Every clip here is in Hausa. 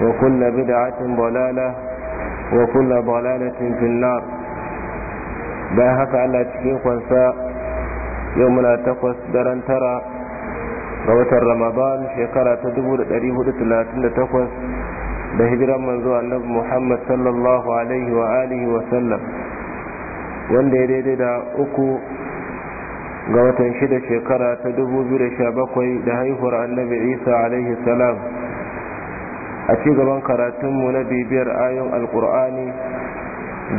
وكل بدعة ضلالة bayan haka Allah cikin kwansa yau muna takwas daren tara ga watan Ramadan shekara ta 1438 da hijiran manzo annabi Muhammad sallallahu alaihi wa alihi wa wanda ya daidai da uku ga watan shida shekara ta 2017 da haihuwar annabi Isa alaihi salam a ci gaban karatunmu na bibiyar ayon alkur'ani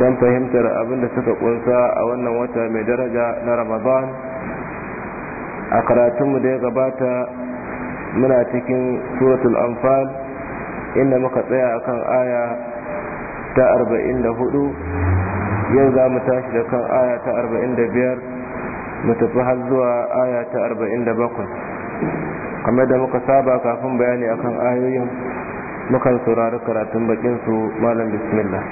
don fahimtar abin da suka kunsa a wannan wata mai daraja na ramadan a karatunmu da ya gabata muna cikin suratul anfal inda muka tsaya akan aya ta 44 yau za mu tashi da kan aya ta 45 mu tafi har zuwa aya ta 47 kamar da muka saba kafin bayani akan ayoyin mukan saurari karatun bakin su malam bismillah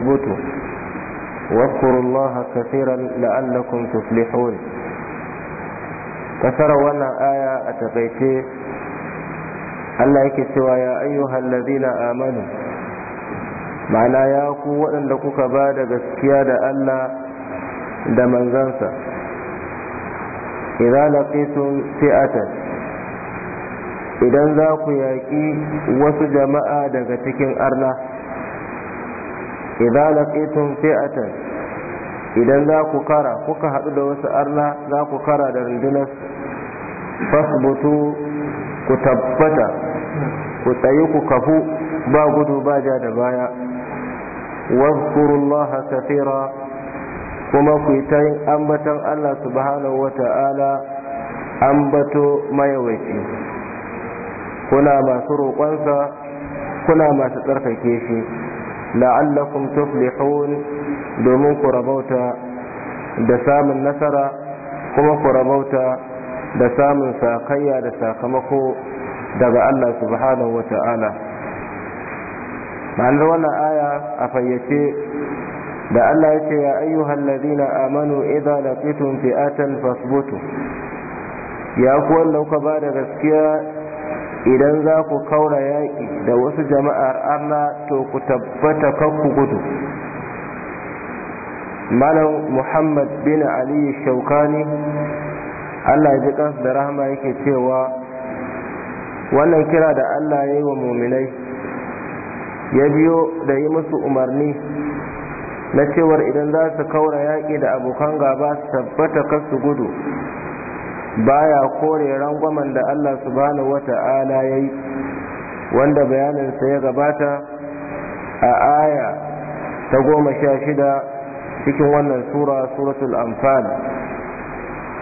فاثبتوا واذكروا الله كثيرا لعلكم تفلحون fasara wannan aya a takaice Allah yake cewa ya ayyuhal ladina amanu ma'ana ya ku waɗanda kuka ba da gaskiya da Allah da manzansa idan laqitum fi'atan idan za ku yaƙi wasu jama'a daga cikin arna idza laqitum fi'atan idan za ku kara kuka haɗu da wasu arna za ku kara da rundunar fasbutu ku tabbata ku tsayi ku kafu ba gudu ba ja da baya wazkurullaha kathira kuma ku yi ta ambaton Allah subhanahu wa ta'ala ambato mayawaci kuna masu roƙonsa kuna masu tsarkake shi la'allakum tuflihun domin ku rabauta da samun nasara kuma ku rabauta da samun sakayya da sakamako daga Allah subhanahu wa ta'ala ma'anar wannan aya a fayyace da Allah ya ce ya ayyuhan ladina amanu idza laqitum fi'atan fasbutu ya ku wanda kuka ba da gaskiya idan za ku kaura yaƙi da wasu jama'ar Allah to ku tabbata ku gudu malam muhammad bin ali shaukani Allah ya ji kansu da rahama yake cewa wannan kira da Allah ya yi wa muminai ya biyo da yi musu umarni na cewar idan za su kaura yaƙi da abokan gaba su tabbata su gudu baya kore rangwamen da Allah subhanahu wata'ala ya yi wanda bayaninsa ya gabata a aya ta goma sha shida cikin wannan sura suratul anfal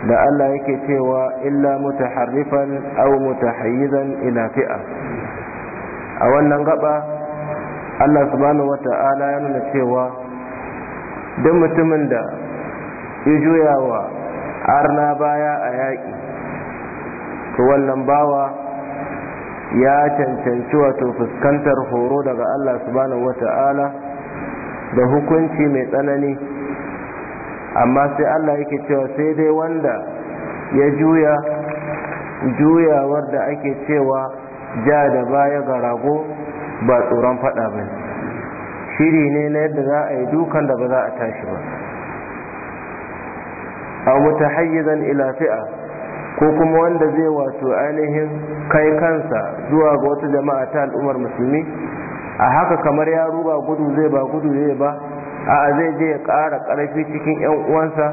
da Allah yake cewa illa mutaharrifan aw mutahayyizan ila fi'a a wannan gaba Allah subhanahu wata'ala ya nuna cewa duk mutumin da ya juyawa arna baya a yaƙi to wannan bawa ya cancanci wato fuskantar horo daga Allah subhanahu wata'ala da hukunci mai tsanani amma sai Allah yake cewa sai dai wanda ya juya juyawar da ake cewa ja da baya ga rago ba tsoron faɗa ba shiri ne na yadda za a yi dukan da ba za a tashi ba aw mutahayyizan ila fi'a ko kuma wanda zai wato ainihin kai kansa zuwa ga wata jama'a ta al'ummar musulmi a haka kamar ya ruba gudu zai ba gudu zai ba a zai je ya ƙara ƙarfi cikin 'yan uwansa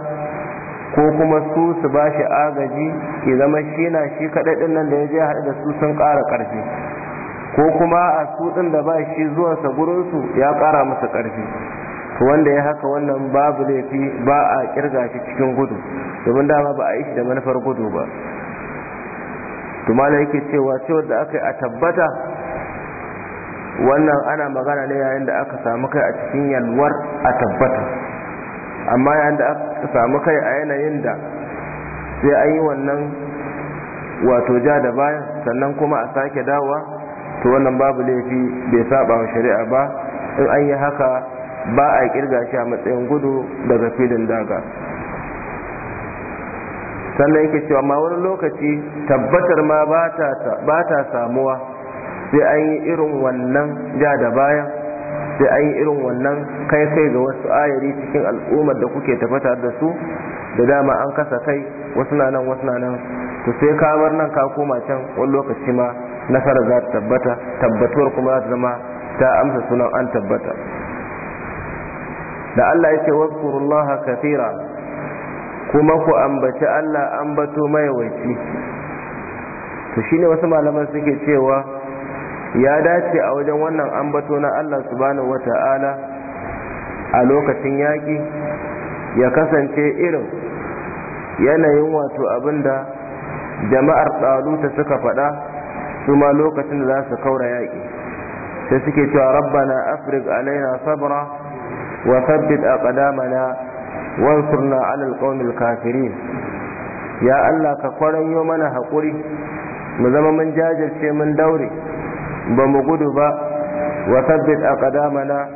ko kuma su su ba shi agaji ya zama shi na shi kaɗaɗin nan da ya je haɗu da su sun ƙara ƙarfi ko kuma a su ɗin da ba shi zuwansa gurinsu ya ƙara masa ƙarfi to wanda ya haka wannan babu laifi ba a kirga shi cikin gudu domin dama ba a yi shi da manufar gudu ba to yake cewa cewar da aka yi a tabbata wannan ana magana ne yayin da aka samu kai a cikin yalwar a tabbata amma yayin da aka samu kai a yanayin da sai an yi wannan wato ja da bayan sannan kuma a sake dawa to wannan babu laifi bai saba shari'a ba in an yi haka ba a kirga shi a matsayin gudu daga filin daga sannan yake cewa ma wani lokaci tabbatar ma ba ta samuwa sai an yi irin wannan ja da bayan sai an yi irin wannan kai kai ga wasu ayari cikin al'ummar da kuke tafata da su da dama an kasa kai wasu na nan wasu na nan to sai kamar nan ka koma can wani lokaci ma nasarar za ta tabbata tabbatuwar kuma za ta zama ta amsa sunan an tabbata da Allah yake wazkurullaha kafira kuma ku ambaci Allah ambato mayawaci to shine wasu malaman suke cewa ya dace a wajen wannan ambato na Allah subhanahu wata'ala a lokacin yaƙi ya kasance irin yanayin wato abinda jama'ar ɗaluta suka faɗa su ma lokacin da za su kaura yaƙi sai suke cewa rabbana afrig alaina sabra وثبت أقدامنا وانصرنا على القوم الكافرين يا الله كقرن يومنا حقوري مزما من جاجل شيء من دوري بمقود با وثبت أقدامنا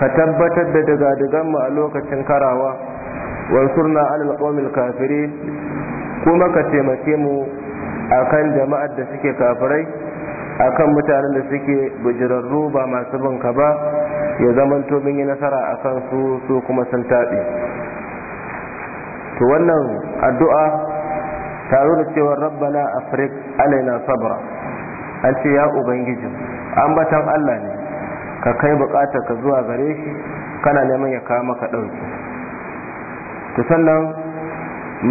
كتبت الدجاج دجم ألوك تنكروا وانصرنا على القوم الكافرين كما كتمكموا كيمو jama'ar جماعة suke كافري akan mutanen da suke bujirarru ba masu binka ba ya zamanto mun yi nasara a kan su su kuma sun taɓe to wannan addu'a taro da cewar rabbana afrik alaina sabra an ce ya ubangiji ambatan allah ne ka kai bukatar ka zuwa gare shi kana neman ya kawo maka ɗauki to sannan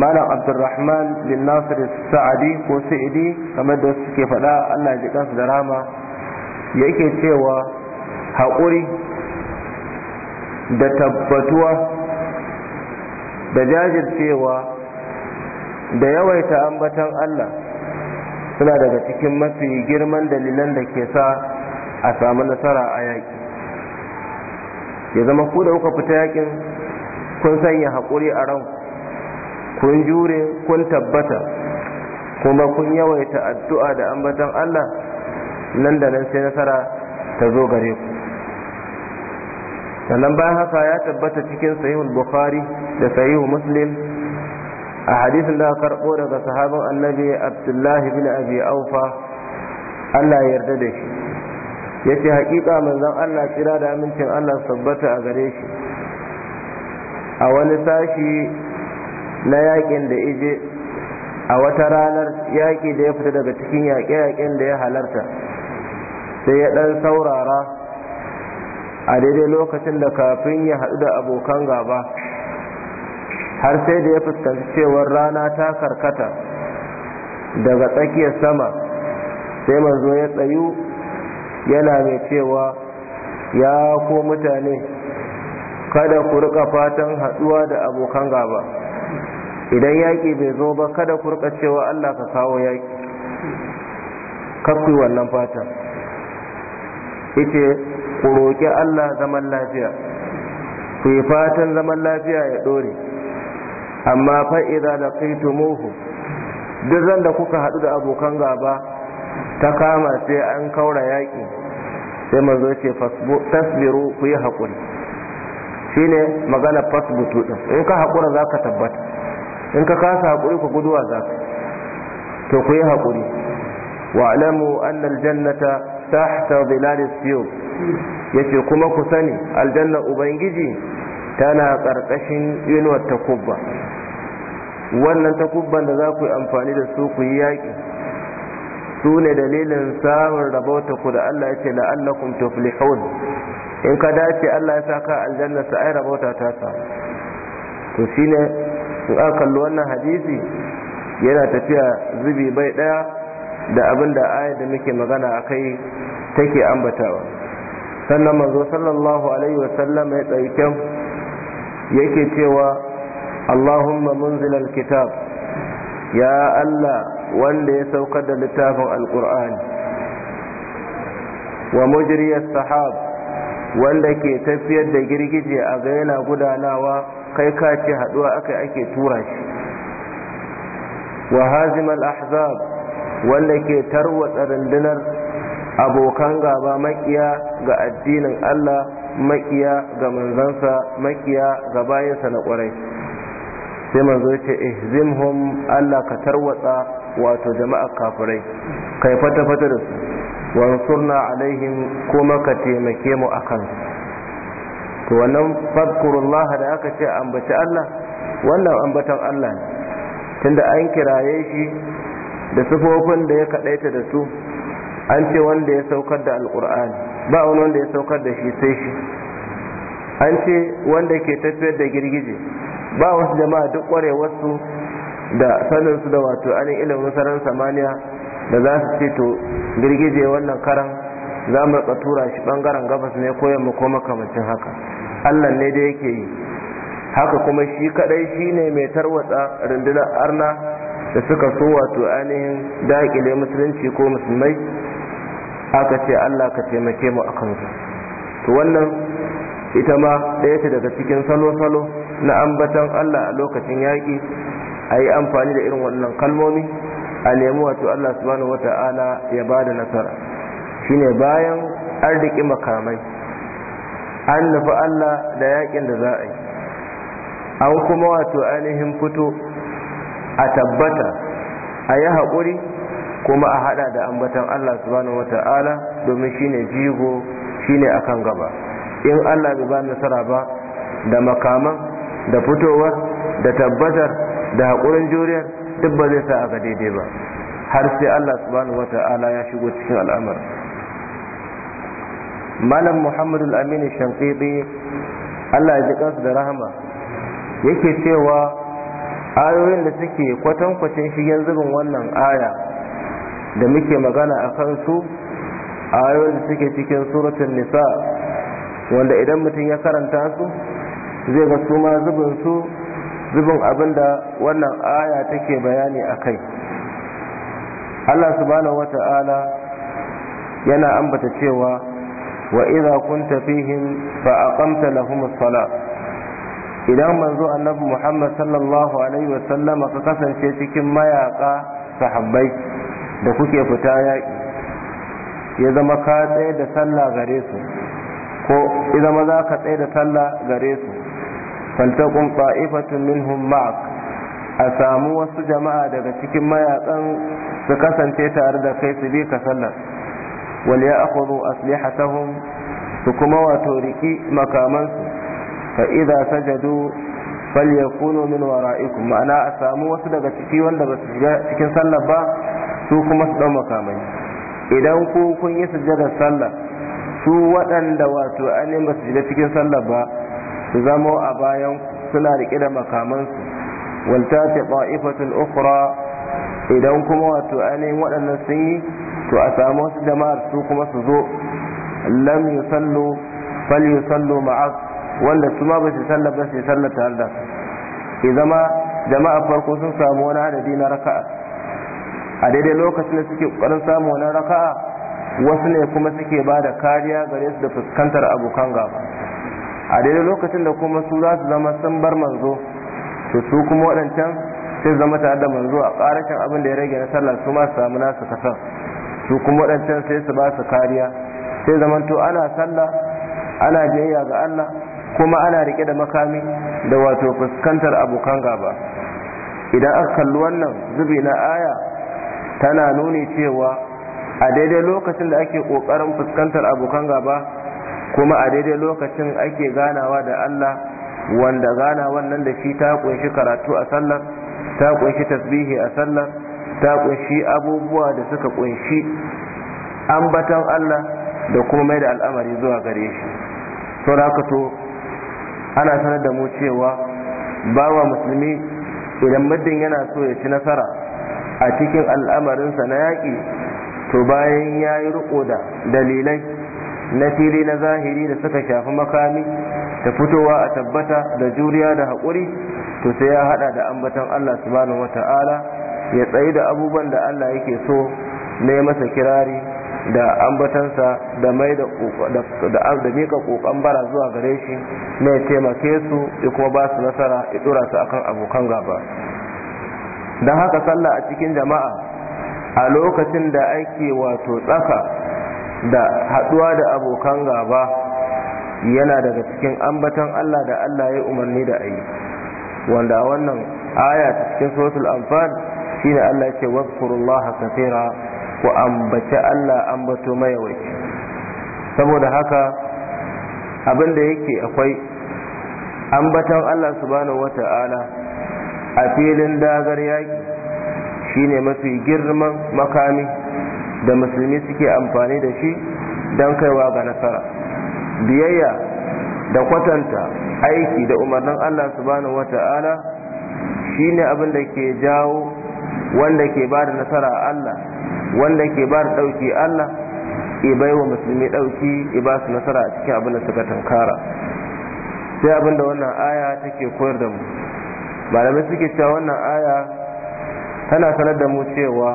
malam abdulrahman bin nasir sa'adi ko sa'idi kamar da suke faɗa allah ji kansu da rama yake cewa haƙuri da tabbatuwa da jajircewa da yawaita ambatan Allah suna daga cikin mafi girman dalilan da ke sa a samu nasara a yaƙi ya zama ku da kuka fita yaƙin kun sanya haƙuri a ran kun jure kun tabbata kuma kun yawaita addu'a da ambatan Allah nan da nan sai nasara ta zo gare ku sannan bayan haka ya tabbata cikin sahihul bukhari da sahihu muslim a hadisin da karbo daga sahaban annabi abdullahi bin abi aufa Allah ya yarda da shi yace hakika manzon Allah kira da amincin Allah sabbata a gare shi a wani sashi na yakin da ije a wata ranar yaƙi da ya fita daga cikin yaƙe-yaƙen da ya halarta sai ya ɗan saurara a daidai lokacin da kafin ya haɗu da abokan gaba har sai da ya fuskanci cewar rana ta karkata daga tsakiyar sama sai manzo ya tsayu yana mai cewa ya ko mutane kada ku rika fatan haɗuwa da abokan gaba idan yaƙi bai zo ba kada ku rika cewa allah ka kawo yaƙi kakwai wannan fatan ita ku roƙi Allah zaman lafiya ku yi fatan zaman lafiya ya ɗore amma fa'iza da kaitumuhu duk zan da kuka haɗu da abokan gaba ta kama sai an kaura yaƙi sai mazo ce tasbiru ku yi haƙuri shi ne maganar fasbutu ɗin in ka haƙura za ka tabbata in ka kasa haƙuri ku guduwa za ka to ku yi haƙuri wa'lamu annal jannata tahta zilalis fiyo yace kuma ku sani aljanna ubangiji tana ƙarƙashin inuwar takubba wannan takubban da za ku yi amfani da su ku yi yaƙi su ne dalilin samun rabota ku da Allah ya ce la'allakum tuflihun in ka dace Allah ya saka aljanna sa ai rabota ta to shine in aka kalli wannan hadisi yana tafiya zubi bai daya da abin da ayar da muke magana a kai take ambatawa sannan manzo sallallahu alaihi wasallam ya tsaike yake cewa allahumma munzil alkitab ya allah wanda ya sauka da littafin alkur'ani wa mujriyar sahab wanda ke tafiyar da girgije a ga yana gudanawa kai ka ce haduwa aka ake tura shi wa hazimal ahzab wanda ke tarwatsa rundunar abokan gaba makiya ga addinin Allah makiya ga manzansa makiya ga bayansa na kwarai sai manzo ce ihzimhum Allah ka tarwatsa wato jama'a kafirai kai fata fata da su wansurna alaihim kuma ka taimake mu akan to wannan fadkurullah da aka ce ambaci Allah wannan ambatan Allah ne tunda an kiraye shi da sufofin da ya kaɗaita da su an ce wanda ya saukar da alkur'ani ba wani wanda ya saukar da shi sai shi an ce wanda ke tafiyar da girgije ba wasu jama'a duk wasu da saninsu da wato anin ilimin sararin samaniya da za su ce to girgije wannan karan za mu rika tura shi bangaren gabas ne ko yamma ko makamancin haka allah ne da yake yi haka kuma shi kadai ne mai tarwatsa rundunar arna da suka so wato ainihin daƙile musulunci ko musulmai aka ce allah ka taimake mu a kansu to wannan ita ma ɗaya ce daga cikin salo-salo na ambatan allah a lokacin yaƙi a yi amfani da irin wannan kalmomi a nemi wato allah subhanahu wata'ala ya ba da nasara Shi ne bayan an makamai an nufi allah da yaƙin da za a yi an kuma wato ainihin fito a tabbata a yi haƙuri kuma a haɗa da ambatan Allah subhanahu wa ta'ala domin shine jigo shine akan gaba in Allah bai ba nasara ba da makaman da fitowar da tabbatar da haƙurin juriyar duk ba zai sa a ga daidai ba har sai Allah subhanahu wa ta'ala ya shigo cikin al'amar malam muhammadu al-aminu shankidi Allah ya ji kansu da rahama yake cewa ayoyin da suke kwatankwacin shigen zubin wannan aya da muke magana a kansu ayoyin da suke cikin suratun nisa wanda idan mutum ya karanta su zai ga su ma zubin su zubin abin wannan aya take bayani a kai allah subhanahu wa ta'ala yana ambata cewa wa idza kunta fihim fa aqamta lahum as-salat idan manzo annabi muhammad sallallahu alaihi wasallama ka kasance cikin mayaka sahabbai da kuke fita yaƙi ya zama ka tsaye da sallah gare su ko ya zama za ka tsaye da sallah gare su faltakun qa'ifatun minhum ma'ak a samu wasu jama'a daga cikin mayakan su kasance tare da kai su bi ka sallar wal ya'khudhu aslihatahum su kuma wato riki makamansu فإذا سجدوا sajadu من min معنى ma'ana a samu wasu daga ciki wanda ba su shiga cikin sallar ba su kuma su dau makamai idan kun yi sujjadar sallah su waɗanda wato ainihin ba su cikin sallar ba su zamo a bayan suna riƙe da makamansu waltati ta'ifatul ukhra idan kuma wato yi waɗannan sun yi to a samu wasu jama'ar su kuma su zo lam yusallu fal yusallu ma'ak wanda su ma ba su sallar ba su sallar tare da su zama jama'a farko sun samu wani adadi na raka'a a daidai lokacin da suke ƙoƙarin samu wani raka'a wasu ne kuma suke ba da kariya gare su da fuskantar abokan gaba a daidai lokacin da kuma su za su zama sun bar manzo to su kuma waɗancan sai zama tare da manzo a ƙarashin abin da ya rage na sallar su ma su samu nasu kasan su kuma waɗancan sai su ba su kariya sai zamanto ana sallah ana biyayya ga Allah kuma ana rike da makami da wato fuskantar abokan gaba idan aka kalli wannan zubi na aya tana nuni cewa a daidai lokacin da ake ƙoƙarin fuskantar abokan gaba kuma a daidai lokacin ake ganawa da Allah wanda gana wannan da shi ta kunshi karatu a sallar ta kunshi tasbihi a sallar ta kunshi abubuwa da suka kunshi ambatan Allah da kuma mai da al'amari zuwa gare shi to ana sanar da mu cewa bawa musulmi idan muddin yana so ya ci nasara a cikin al'amarinsa na yaƙi to bayan ya yi riko da dalilai na fili na zahiri da suka shafi makami da fitowa a tabbata da juriya da haƙuri to sai ya haɗa da ambaton Allah subhanahu wata'ala ya tsayi da abubuwan da Allah yake so na masa kirari da ambatansa da mai da mika kokon bara zuwa gare shi mai taimake su ya kuma ba su nasara ya dora su akan abokan gaba don haka sallah a cikin jama'a a lokacin da ake wato tsaka da haduwa da abokan gaba yana daga cikin ambatan Allah da Allah ya umarni da ayi wanda wannan aya ta cikin suratul anfal shine Allah ya ce wazkurullaha kathira ku ambaci Allah ambato mayawaci saboda haka abin da yake akwai ambaton Allah subhanahu wata'ala a filin dagar yaki shine mafi girman makami da musulmi suke amfani da shi don kaiwa ga nasara biyayya da kwatanta aiki da umarnin Allah subhanahu wata'ala shine abin da ke jawo wanda ke ba da nasara a Allah wanda ke ba da ɗauki Allah ya bai wa musulmi ɗauki ya ba su nasara a cikin abin da suka tankara sai abin da wannan aya take koyar da mu malamai suke cewa wannan aya tana sanar da mu cewa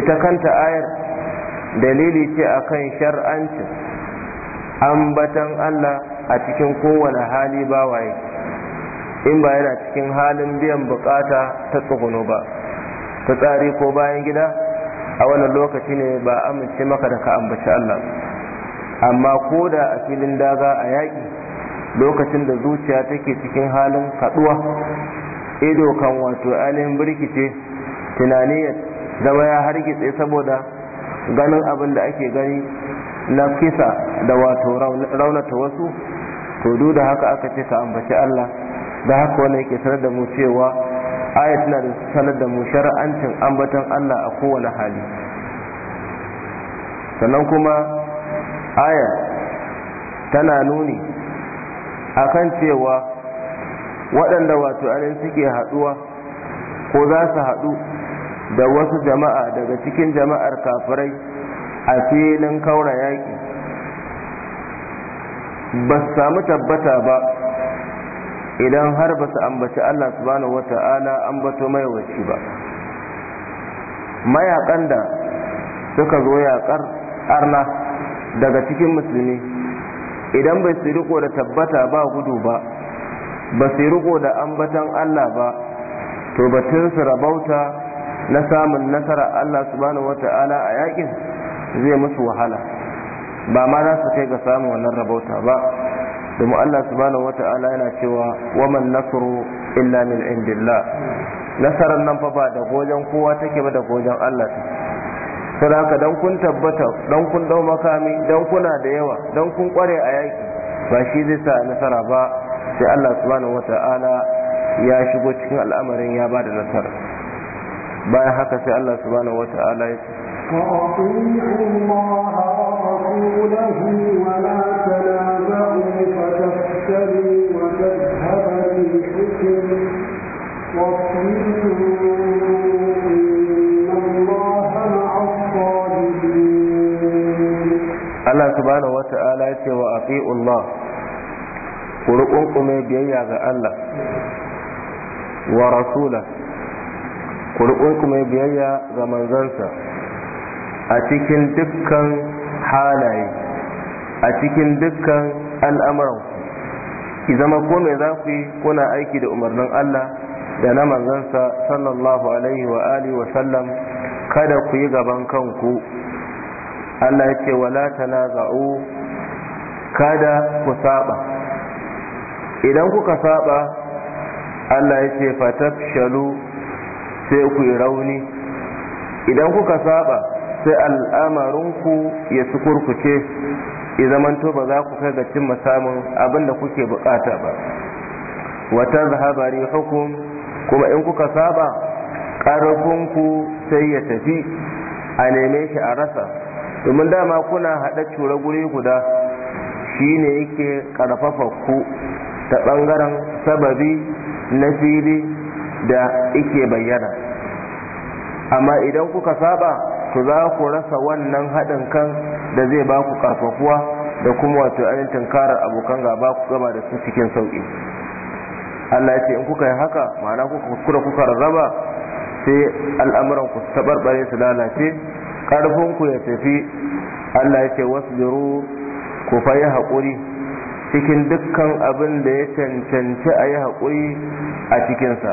ita kanta ayar dalili ce a kan shar'ancin ambatan Allah a cikin kowane hali ba waye, in ba yana cikin halin biyan bukata ta tsuguno ba tsari ko bayan gida a wannan lokaci ne ba amince maka da ka ambaci Allah amma ko da a filin daga a yaƙi lokacin da zuciya take cikin halin kaɗuwa ido kan wato ainihin birkice tunani ya zama ya hargitse saboda ganin abin da ake gani na kisa da wato raunata wasu to duk da haka aka ce ka ambaci Allah da haka wannan yake sanar da mu cewa aya tana da sanar da mu ambaton Allah a kowane hali sannan kuma aya tana nuni akan cewa waɗanda wato anin suke haɗuwa ko za su haɗu da wasu jama'a daga cikin jama'ar kafirai a filin kaura yaƙi ba su samu tabbata ba idan har ba su ambaci Allah subhanahu wata'ala ambato mai wacce ba mayakan da suka zo yakar arna daga cikin musulmi idan bai su riko da tabbata ba gudu ba ba su riko da ambatan Allah ba to batun su rabauta na samun nasara Allah subhanahu wata'ala a yakin zai musu wahala ba ma za su kai ga samun wannan rabauta ba domin Allah subhanahu wata'ala yana cewa waman nasru illa min indillah nasarar nan fa ba da gojan kowa take ba da gojan Allah ta da haka dan kun tabbata dan kun dau makami dan kuna da yawa dan kun kware a yaki ba shi zai sa nasara ba sai Allah subhanahu wata'ala ya shigo cikin al'amarin ya ba da nasara bayan haka sai Allah subhanahu wata'ala ya ce وعدني ومذهب بالحكم واصبروا Allah subhanahu wata'ala ya ce wa Allah ku biyayya ga Allah wa rasula ku rukunkume biyayya ga manzansa a cikin dukkan halaye a cikin dukkan al'amuranku ki zama ko me za ku yi kuna aiki da umarnin Allah da na manzansa sallallahu alaihi wa alihi wa sallam kada ku yi gaban kanku Allah ya ce wala tanaza'u kada ku saba idan kuka saba Allah ya ce fatafshalu sai ku yi rauni idan kuka saba sai al'amarinku ya sukurkuce i to ba za ku kai ga cimma samun abin da kuke bukata ba wata zahaba hukum kuma in kuka saba ku sai ya tafi a neme shi a rasa domin dama kuna haɗa cura guri guda shi ne yake ƙarfafa ku ta ɓangaren sababi na fili da ike bayyana amma idan kuka saba to za ku rasa wannan haɗin kan da zai ba ku karfafuwa da kuma wato ainihin tunkarar abokan gaba ku gaba da su cikin sauki Allah ya ce in kuka yi haka ma'ana kuka kuskura kuka rarraba sai al'amuran ku tabarbare su lalace karfin ku ya tafi Allah ya ce wasbiru ku fa yi haƙuri cikin dukkan abin da ya cancanci a yi haƙuri a cikinsa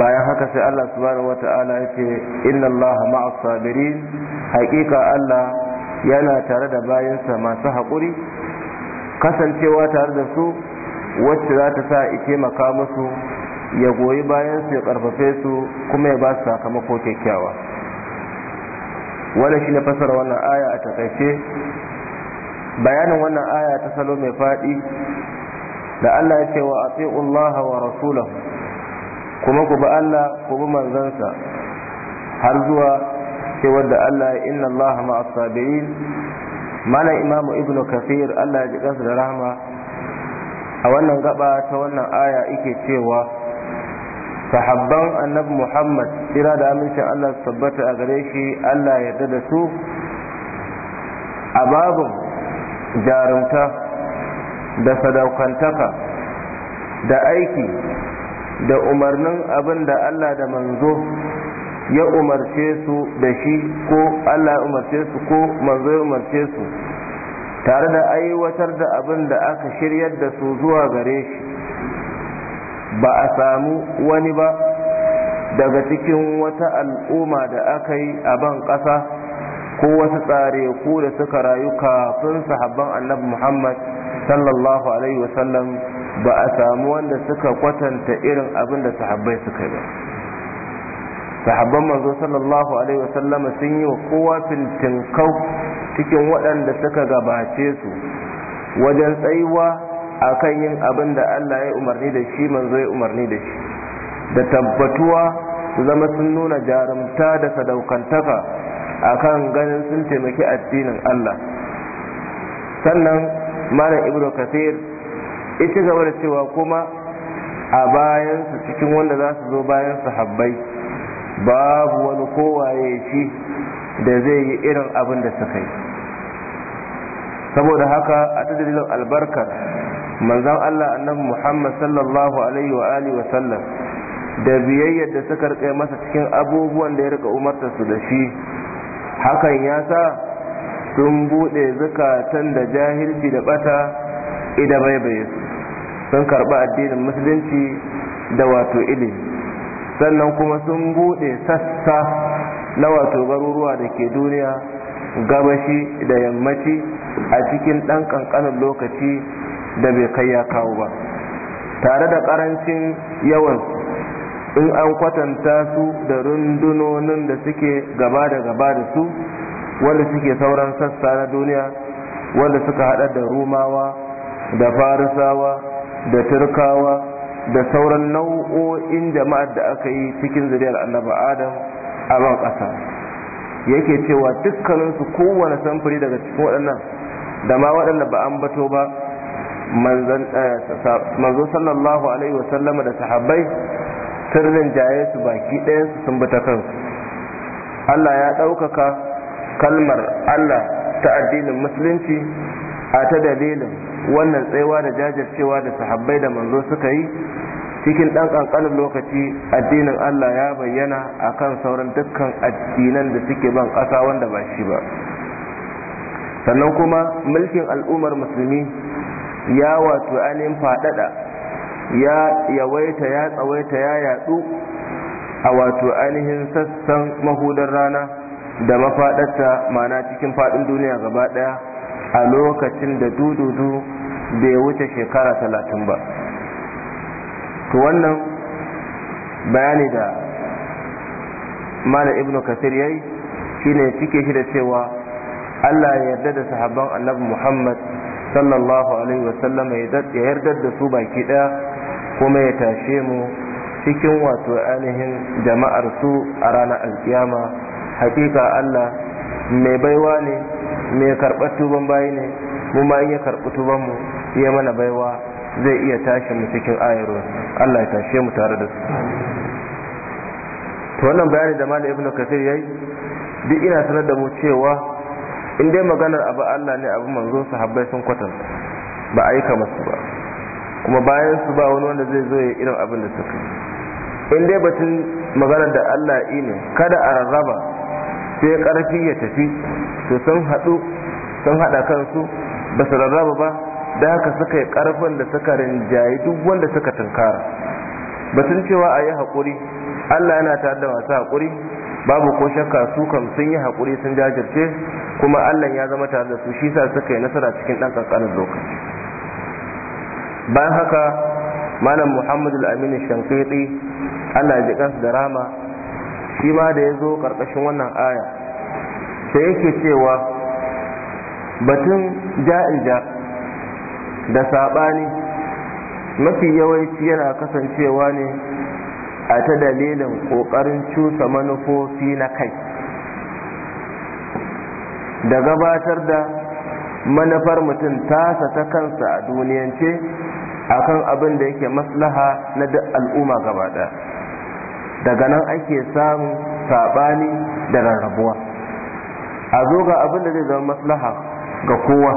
bayan haka sai Allah subhanahu wata'ala ya ce inna Allah ma'as sabirin haƙiƙa Allah yana tare da bayansa masu haƙuri kasancewa tare da su wacce za ta sa ike taimaka musu ya goyi bayansu ya ƙarfafe su kuma ya ba su sakamako kyakkyawa wannan shi ne fasara wannan aya a takaice bayanin wannan aya ta salo mai faɗi da Allah ya ce wa Allah wa rasulahu kuma ku bi Allah ku bi manzansa har zuwa cewar wadda Allah ya inna Allah ma'as sabirin malam imamu ibnu kafir Allah ya ji kansa da rahama a wannan gaba ta wannan aya yake cewa sahabban annabi Muhammad tsira da amincin Allah su tabbata a gare shi Allah ya yarda da su a babin jarumta da sadaukantaka da aiki da umarnin abin da Allah da manzo ya umarce su da shi ko Allah ya umarce su ko manzo ya umarce su tare da aiwatar da abin da aka shiryar da su zuwa gare shi ba a samu wani ba daga cikin wata al'umma da aka yi a ban ƙasa ko wasu tsare ku da suka rayu kafin sahabban annabi Muhammad sallallahu alaihi wasallam ba a samu wanda suka kwatanta irin abin da sahabbai suka yi ba sahabban manzo sallallahu alaihi wasallam sun yi wa kowa fintinkau cikin waɗanda suka gabace su wajen tsayuwa kan yin abin da Allah ya umarni da shi manzo ya umarni da shi da tabbatuwa su zama sun nuna jarumta da sadaukantaka a kan ganin sun taimaki addinin Allah sannan mara ibro kafir ita ci gaba da cewa kuma a bayansu cikin wanda za su zo bayan sahabbai babu wani kowaye shi da zai yi irin abin da suka yi saboda haka a ta dalilin albarkar manzan Allah annabi Muhammad sallallahu alaihi wa alihi wa sallam da biyayyar da suka rika masa cikin abubuwan da ya rika umarta da shi hakan ya sa sun bude zukatan da jahilci da bata ida bai bai sun karba addinin musulunci da wato ilimi sannan kuma sun buɗe sassa na wato garuruwa da ke duniya gabashi da yammaci a cikin ɗan ƙanƙanin lokaci da bai kai ya kawo ba tare da ƙarancin yawan in an kwatanta su da rundunonin da suke gaba da gaba da su wanda suke sauran sassa na duniya wanda suka hada da rumawa da farisawa da turkawa da sauran nau'o'in jama'ar da aka yi cikin zuriyar annabi adam a ban ƙasa yake cewa dukkaninsu kowane samfuri daga cikin waɗannan da ma waɗanda ba an bato ba eh, manzo sallallahu alaihi wasallama da sahabbai sirrin jaye su baki ɗayansu sun bi kansu allah ya ɗaukaka kalmar allah ta addinin musulunci a ta dalilin wannan tsaiwa da jajircewa da sahabbai da manzo suka yi cikin ɗan kankanin lokaci addinin Allah ya bayyana a kan sauran dukkan addinan da suke ban ƙasa wanda ba shi ba sannan kuma mulkin al'ummar musulmi ya wato ainihin faɗaɗa ya yawaita ya tsawaita ya yatsu, a wato ainihin sassan mahudar rana da mafadarta mana cikin faɗin duniya gaba ɗaya a lokacin da dududu bai wuce shekara talatin ba to wannan bayani da mana ibnu kasir yayi shine cike shi da cewa Allah ya yarda da sahabban annabi Muhammad sallallahu alaihi wasallam ya yarda da su baki daya kuma ya tashe mu cikin wato ainihin jama'ar su a ranar alkiyama hakika Allah mai baiwa ne mai karɓar tuban bayi ne mu ma iya karɓi tuban mu iya mana baiwa zai iya tashi mu cikin ayarwa Allah ya tashe mu tare da su to wannan bayani da malam ibnu kasir yayi duk ina sanar da mu cewa in dai maganar abu Allah ne abu manzo sahabbai sun kwatanta ba aika masu ba kuma bayan su ba wani wanda zai zo ya irin abin da suka in dai batun maganar da Allah ne kada a rarraba sai karfi ya tafi to sun hadu sun haɗa kansu ba su rarraba ba da haka suka yi ƙarfin da suka rinjaye duk wanda suka tunkara batun cewa a yi haƙuri allah yana tare da masu hakuri babu ko shakka su kam sun yi haƙuri sun jajirce kuma allah ya zama tare da su shi sa suka yi nasara cikin ɗan ƙanƙanin lokaci bayan haka malam muhammadul al-amin shankiti allah ya ji da rama shi ma da ya zo ƙarƙashin wannan aya sai yake cewa batun ja'ija da saɓani mafi yawanci yana kasancewa ne a ta dalilin ƙoƙarin cusa manufofi na kai da gabatar da manufar mutum tasa ta kansa a duniyance akan abin da yake maslaha na duk al'umma gaba daga nan ake samun saɓani da rarrabuwa a zo ga abin da zai zama maslaha ga kowa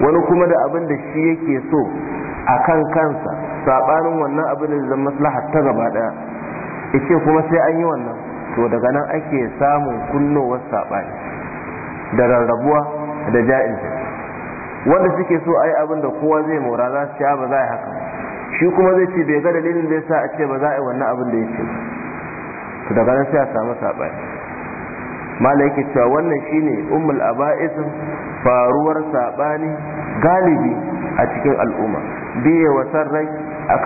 wani kuma da abin da shi yake so a kan kansa saɓanin wannan abin da zai zama maslaha ta gaba ɗaya ice kuma sai an yi wannan to daga nan ake samun kunnowar saɓani da rarrabuwa da ja'in wanda suke so a yi abin da kowa zai mora za su ci ba za a yi haka shi kuma zai ce bai ga dalilin da yasa a ce ba za a yi wannan abin da yake to daga nan sai a samu sabani mala yake cewa wannan shine ummul aba'isin faruwar sabani galibi a cikin al'umma biye wa rai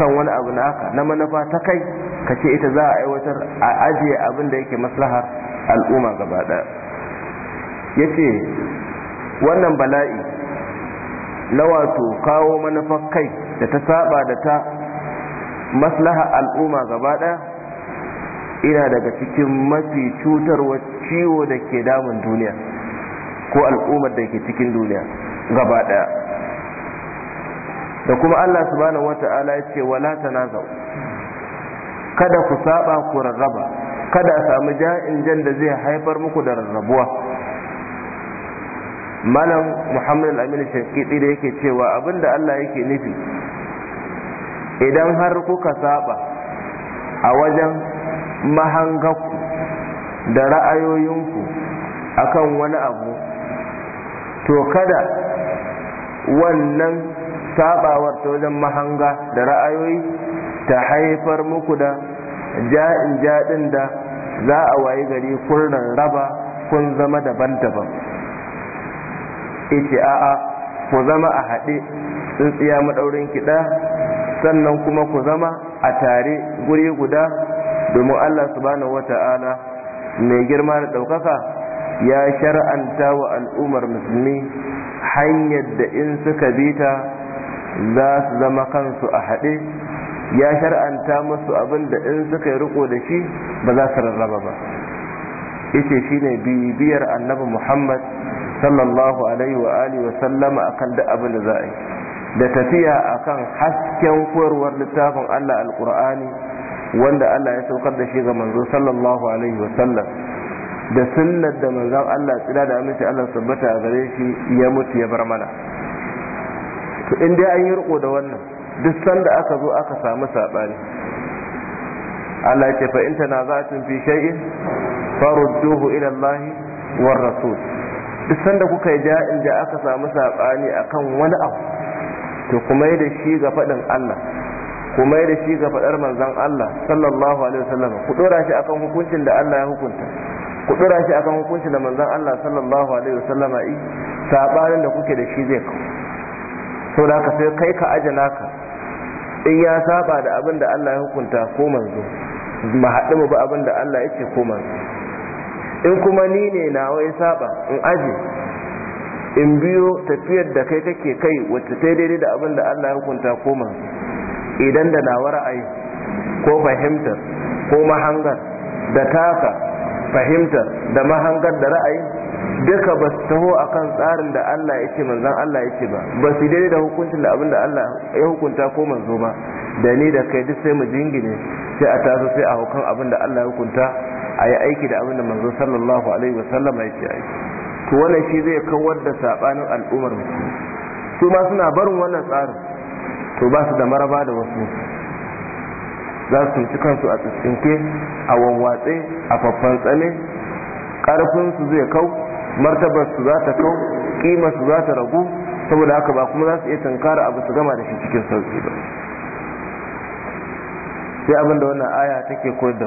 kan wani abu na haka na manufa ta kai ka ce ita za a aiwatar a ajiye abin da yake maslahar al'umma gaba daya yace wannan bala'i na wato kawo manufar kai da ta saba da ta maslaha al'umma gaba ɗaya ina daga cikin mafi cutarwa ciwo da ke damun duniya ko al'ummar da ke cikin duniya gaba ɗaya da kuma allah subhanahu wata'ala ya ce wala tanazau kada ku saba ku rarraba kada a samu ja'in jan da zai haifar muku da rarrabuwa malam Muhammadu al-amin shankiti da yake cewa abinda Allah yake nufi idan har kuka saba a wajen mahangaku da ra'ayoyinku akan wani abu to kada wannan sabawar ta wajen mahanga da ra'ayoyi ta haifar muku da ja'in jaɗin da za a wayi gari kun raba kun zama daban-daban yace a'a ku zama a haɗe tsintsiya maɗaurin kiɗa sannan kuma ku zama a tare guri guda domin Allah subhanahu wata'ala mai girma da ɗaukaka ya shar'anta wa al'ummar musulmi hanyar da in suka bi ta za su zama kansu a haɗe ya shar'anta musu abin da in suka yi riko da shi ba za su rarraba ba ita shine bibiyar annabi muhammad sallallahu alaihi wa alihi wa sallama akan duk abin da za a yi da tafiya akan hasken koyarwar littafin Allah alqur'ani wanda Allah ya saukar da shi ga manzo sallallahu alaihi wa sallam da sunnar da manzon Allah tsira da aminci Allah sabbata gare shi ya mutu ya bar mana to in dai an yi riko da wannan duk sanda aka zo aka samu sabani Allah ya ce fa in tanaza'tum fi shay'in farudduhu ila Allah war rasul duk sanda kuka yi ja'in da aka samu saɓani kan wani abu to kuma yi da shi ga faɗin Allah kuma yi da shi ga faɗar manzan Allah sallallahu alaihi wasallam ku ɗora shi akan hukuncin da Allah ya hukunta ku ɗora shi akan hukuncin da manzan Allah sallallahu alaihi wasallam yi saɓanin da kuke da shi zai kawo to da haka sai kai ka aje naka in ya saba da abin da Allah ya hukunta ko manzo ba haɗu mu bi abin da Allah yake ko manzo in kuma ni ne na wai saba in aji, in biyo tafiyar da kai kake kai wacce ta daidai da abin da Allah ya hukunta koma idan da nawa ra'ayi ko fahimtar ko mahangar da taka fahimtar da mahangar da ra'ayi duka ba su taho akan tsarin da Allah ya ce manzon Allah ya ce ba ba su daidai da hukuncin da abin da Allah ya hukunta ko manzo ba da ni da kai duk sai mu jingine sai a taso sai a hukun abin da Allah ya hukunta a yi aiki da abinda da manzo sallallahu alaihi wasallama ya ce aiki to wannan shi zai kawar da sabanin al'ummar musulmi su ma suna barin wannan tsarin to ba su da maraba da wasu za su ci kansu a tsinke a wanwatse a faffan karfin ƙarfinsu zai kau martabarsu za ta kau ƙimarsu za ta ragu saboda haka ba kuma za su iya tankara abu su gama da shi cikin sausi ba sai abinda da wannan aya take koyar da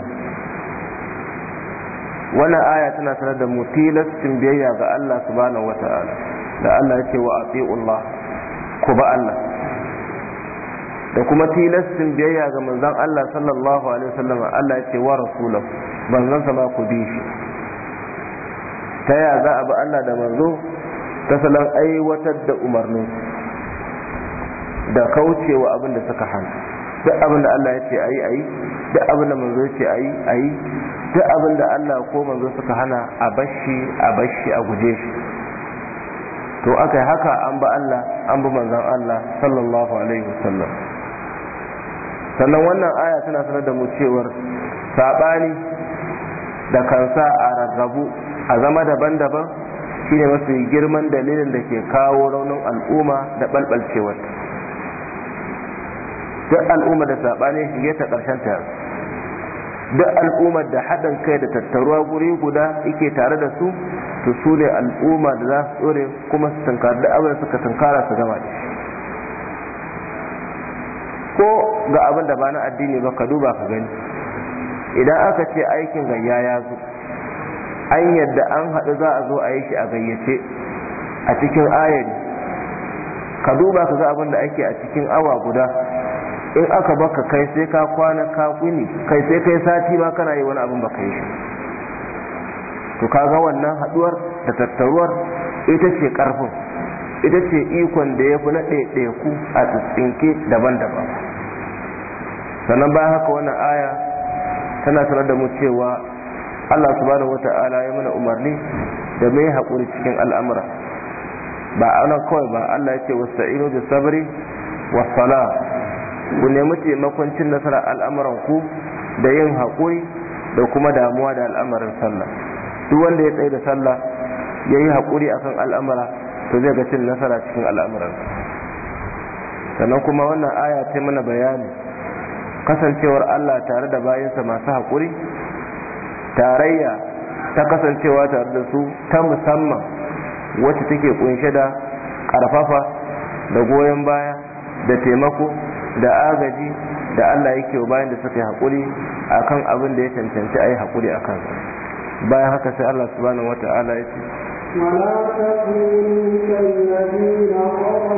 wannan aya tana sanar da mu tilastin biyayya ga Allah subhanahu wata'ala da Allah ya ce wa atiullah ku ba Allah da kuma tilastin biyayya ga manzon Allah sallallahu alaihi wasallam Allah ya ce wa rasulahu manzon sa ma ku bi shi ta ya za a bi Allah da manzo ta salon aiwatar da umarni da kaucewa abin da suka hana duk abin da Allah ya ce ayi ayi duk abin da manzo ya ce ayi ayi duk abin da Allah ko manzo suka hana a bashi a bashi a guje shi to aka yi haka an ba Allah an bi manzon Allah sallallahu alaihi wasallam sannan wannan aya tana sanar da mu cewar sabani da kansa a rarrabu a zama daban-daban shine mafi girman dalilin da ke kawo raunin al'umma da balbalcewar duk al'umma da sabani shige ta karshen ta duk al'ummar da haɗin kai da tattaruwa guri guda yake tare da su to su ne al'umma da za su tsore kuma su tunkari duk abin suka tankara su gama ko ga abin da ba na addini ba ka duba ka gani idan aka ce aikin gayya ya zo an yadda an haɗu za a zo a yi shi a gayyace a cikin ayari ka duba ka ga abin da ake a cikin awa guda in aka baka kai sai ka kwana ka kuni kai sai kai sati ba kana yi wani abin baka yi shi to kaga wannan haduwar da tattaruwar ita ce karfin ita ce ikon da ya fi na ɗaiɗaiku a tsintsinke daban-daban sannan baya haka wannan aya tana sanar da mu cewa Allah subhanahu wata'ala ya mana umarni da mai haƙuri cikin al'amura ba ana kawai ba Allah ya ce wasu da sabari wasu ku nemi taimakon cin nasara al'amuran ku da yin haƙuri da kuma damuwa da al'amarin sallah duk wanda ya tsaye da sallah ya yi haƙuri akan al'amura to zai ga cin nasara cikin al'amuran sannan kuma wannan aya ce mana bayani kasancewar Allah tare da bayansa masu haƙuri tarayya ta kasancewa tare da su ta musamman wacce take ƙunshe da ƙarfafa da goyon baya da taimako da agaji da Allah yake wa bayan da suka yi haƙuri a kan abin da ya cancanci a yi haƙuri a kan bayan haka sai Allah subhanahu wata ta'ala ya ce خرجوا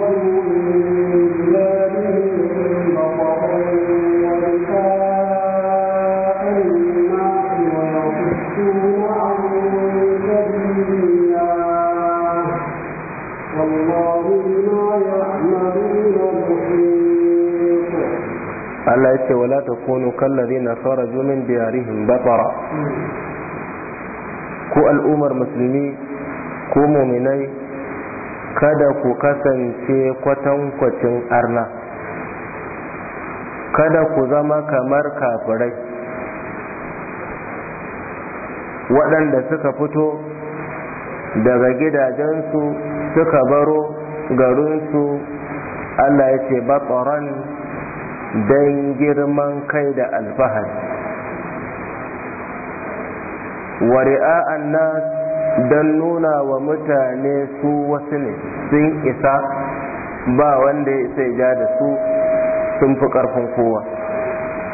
من بلادهم Allah ya ce wala kallari na kharaju min diyarihim batara ku al'ummar musulmi ko muminai kada ku kasance kwatankwacin arna kada ku zama kamar kafirai waɗanda suka fito daga gidajensu suka baro garinsu Allah ya ce batsoron don girman kai da alfahari wa ri'a'an nas don nuna wa mutane su wasu ne sun isa ba wanda ya isa ja da su sun fi ƙarfin kowa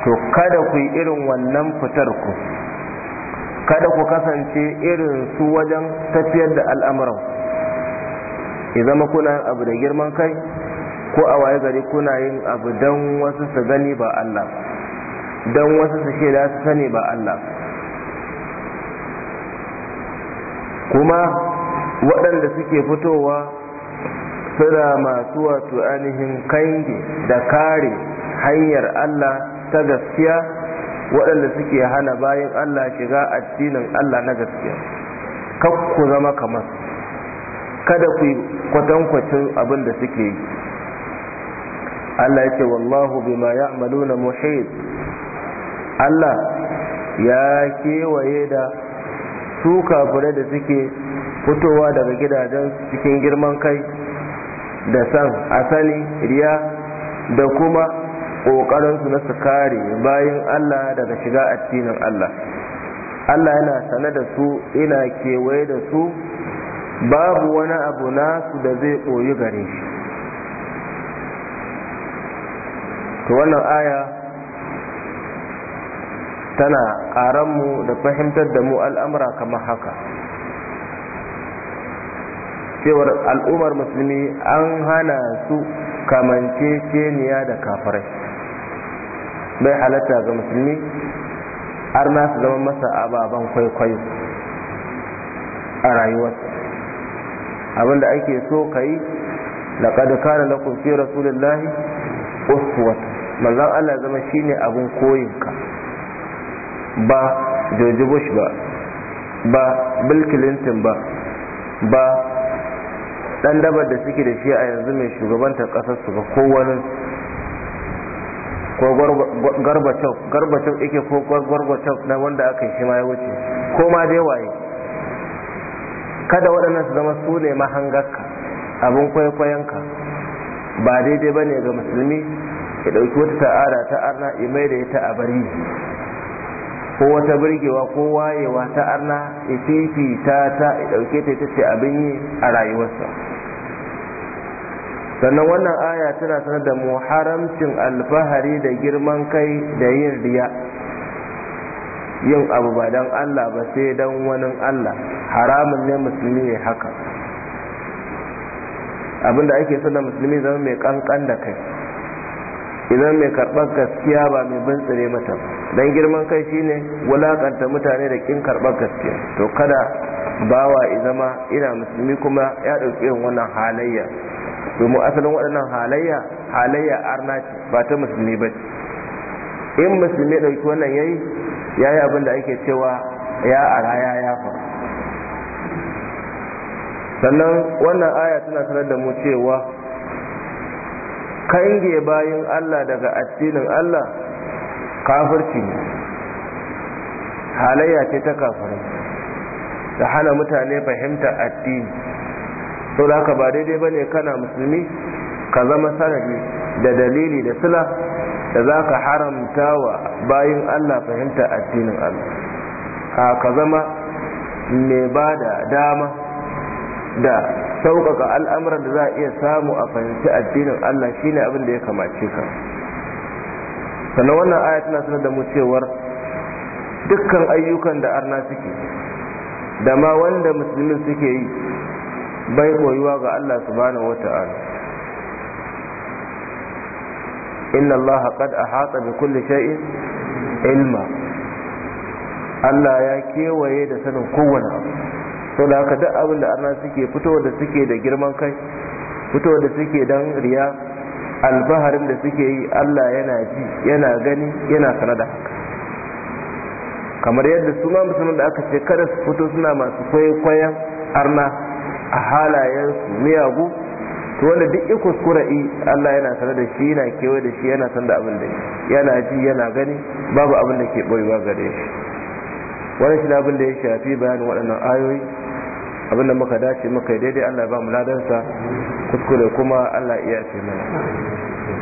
to kada ku yi irin wannan fitar ku kada ku kasance irin su wajen tafiyar da al'amuran ya kuna abu da girman kai ko a waye gari kuna yin abu don wasu su gani ba Allah don wasu su ce da su sani ba Allah kuma waɗanda suke fitowa suna masu wato ainihin kange da kare hanyar Allah ta gaskiya waɗanda suke hana bayan Allah shiga addinin Allah na gaskiya kakku zama kamar kada ku yi kwatankwacin abin da suke yi Allah ya ce wallahu bima ya'maluna muhit Allah ya kewaye da su kafirai da suke fitowa daga gidajen cikin girman kai da san asali riya da kuma ƙoƙarinsu na su kare bayan Allah daga shiga addinin Allah Allah yana sane da su ina kewaye da su babu wani abu nasu da zai ɓoyi gare shi to wannan aya tana ƙaranmu da fahimtar da mu al'amura kamar haka cewar al'ummar musulmi an hana su kamance ceniya da kafirai bai halatta ga musulmi har na su zama masa ababen kwaikwayo a rayuwar abinda ake so ka yi laƙad kana lakum fi rasulillahi uswatu manzon Allah zama shine abun koyinka ba George Bush ba ba Bill Clinton ba ba dan dabar da suke da shi a yanzu mai shugabantar kasar su ba kowanin ko garbacin garbacin yake ko garbacin na wanda aka yi shi ma ya wuce ko ma dai waye kada waɗannan su zama su ne mahangarka abin kwaikwayonka ba daidai ba ne ga musulmi ya ɗauki wata ta'ada ta arna ya mai da ita a bari ko wata birgewa ko wayewa ta arna ya fifita ta ya ta ita ce abin yi a rayuwarsa sannan wannan aya tana sanar da mu haramcin alfahari da girman kai da yin riya yin abu ba don Allah ba sai don wani Allah haramun ne musulmi ne haka abinda ake so musulmi zama mai kankan da kai idan mai karɓar gaskiya ba mai bintsire mata don girman kai shi ne wulaƙanta mutane da ƙin karɓar gaskiya to kada bawa izama ina musulmi kuma ya ɗauki irin wannan halayya domin asalin waɗannan halayya halayya arna ce ba ta musulmi ba ce in musulmi ɗauki wannan yayi ya yi abin da ake cewa ya ara ya yafa sannan wannan aya tana sanar da mu cewa kange bayin Allah daga addinin Allah kafirci ne halayya ce ta kafirai da hana mutane fahimta addini to da haka ba daidai ba ne kana musulmi ka zama sanadi da dalili da sila da za ka haramta wa bayin Allah fahimta addinin Allah a ka zama mai ba da dama da sauƙaƙa al'amuran da za a iya samu a fahimci addinin Allah shi ne abin da ya kamace ka sannan wannan aya tana sanar da mu cewar dukkan ayyukan da arna suke da ma wanda musulmi suke yi bai koyuwa ga Allah subhanahu wata'ala inna Allah qad ahata bi kulli shay'in ilma Allah ya kewaye da sanin kowane abu sau da haka duk abin da arna suke fito da suke da girman kai fito da suke don riya alfaharin da suke yi allah yana ji yana gani yana sanada kamar yadda su ma musulman da aka ce kada su fito suna masu kwaikwayon arna a halayensu miyagu to wanda duk ikus kura'i Allah yana sanar da shi yana kewaye da shi yana san da abin da yana ji yana gani babu abin da ke boyewa gare shi wannan shi abin da ya shafi bayanin waɗannan ayoyi abin da muka dace muka daidai Allah ba mu ladansa kuskure kuma Allah iya ce mana